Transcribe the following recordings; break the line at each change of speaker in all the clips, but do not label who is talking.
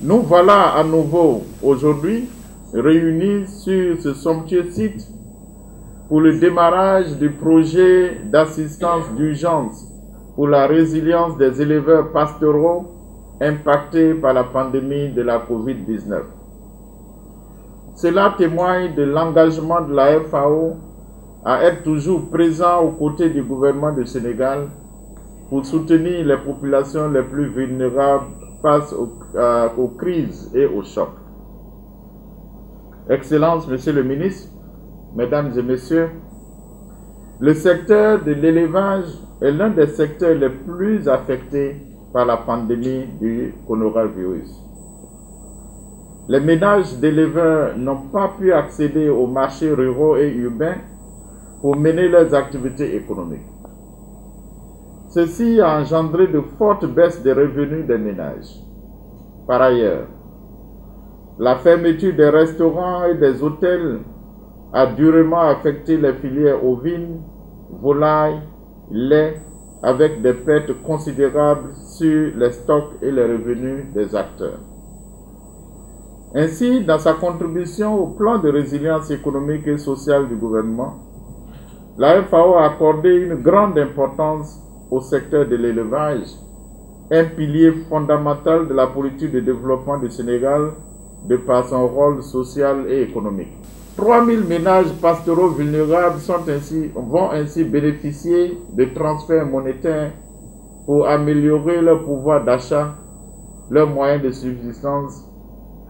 Nous voilà à nouveau aujourd'hui réunis sur ce somptueux site pour le démarrage du projet d'assistance d'urgence pour la résilience des éleveurs pastoraux impactés par la pandémie de la COVID-19. Cela témoigne de l'engagement de la FAO à être toujours présent aux côtés du gouvernement du Sénégal pour soutenir les populations les plus vulnérables face euh, aux, crises et aux chocs. Excellences, Monsieur le ministre, Mesdames et Messieurs, le secteur de l'élevage est l'un des secteurs les plus affectés par la pandémie du coronavirus. Les ménages d'éleveurs n'ont pas pu accéder aux marchés ruraux et urbains pour mener leurs activités économiques. Ceci a engendré de fortes baisses des revenus des ménages. Par ailleurs, la fermeture des restaurants et des hôtels a durement affecté les filières ovines, volailles, lait, avec des pertes considérables sur les stocks et les revenus des acteurs. Ainsi, dans sa contribution au plan de résilience économique et sociale du gouvernement, la FAO a accordé une grande importance au secteur de l'élevage, un pilier fondamental de la politique de développement du Sénégal de par son rôle social et économique. 3000 ménages pastoraux vulnérables sont ainsi, vont ainsi bénéficier de transferts monétaires pour améliorer leur pouvoir d'achat, leurs moyens de subsistance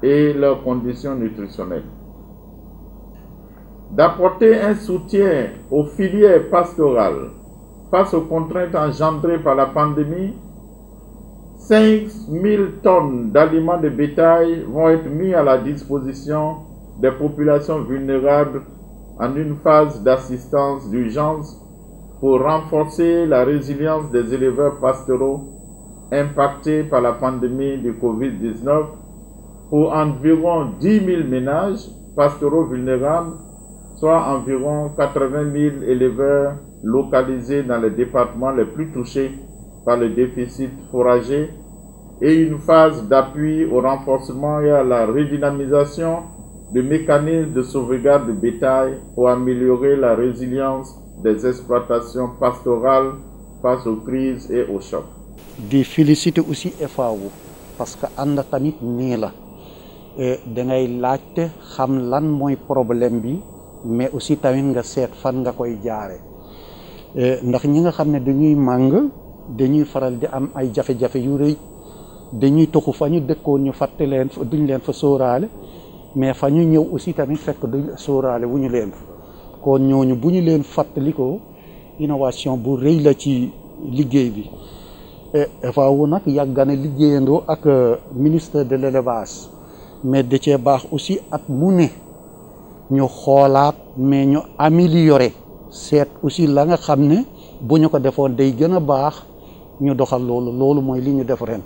et leurs conditions nutritionnelles. D'apporter un soutien aux filières pastorales face aux contraintes engendrées par la pandémie, 000 tonnes d'aliments de bétail vont être mis à la disposition des populations vulnérables en une phase d'assistance d'urgence pour renforcer la résilience des éleveurs pastoraux impactés par la pandémie du Covid-19 pour environ 10 000 ménages pastoraux vulnérables, soit environ 80 000 éleveurs localisés dans les départements les plus touchés par le déficit forager et une phase d'appui au renforcement et à la redynamisation du mécanismes de sauvegarde de bétail pour améliorer la résilience des exploitations pastorales face aux crises et aux chocs.
Je félicite aussi FAO parce que tamit la xam problème mais aussi nga où fan nga Eh, ndax ñi nga xam ne dañuy màng dañuy faral di am ay jafe-jafe yu rëy dañuy toxu fa ñu dëkkoon ñu fàtte leen duñ leen fa sóoraale mais fa ñu ñëw aussi tamit fekk duñ sóoraale wu ñu leen kon ñooñu bu ñu leen fàttalikoo innovation bu rëy la ci liggéey bi eh, FAO nag yàgg na liggéeyandoo ak eh, ministre de l'élevage mais da cee baax aussi ak mu ne ñu xoolaat mais ñu améliorer seet aussi la nga xam ne bu ñu ko defoon day gën a baax ñu doxal loolu loolu mooy li ñu def ren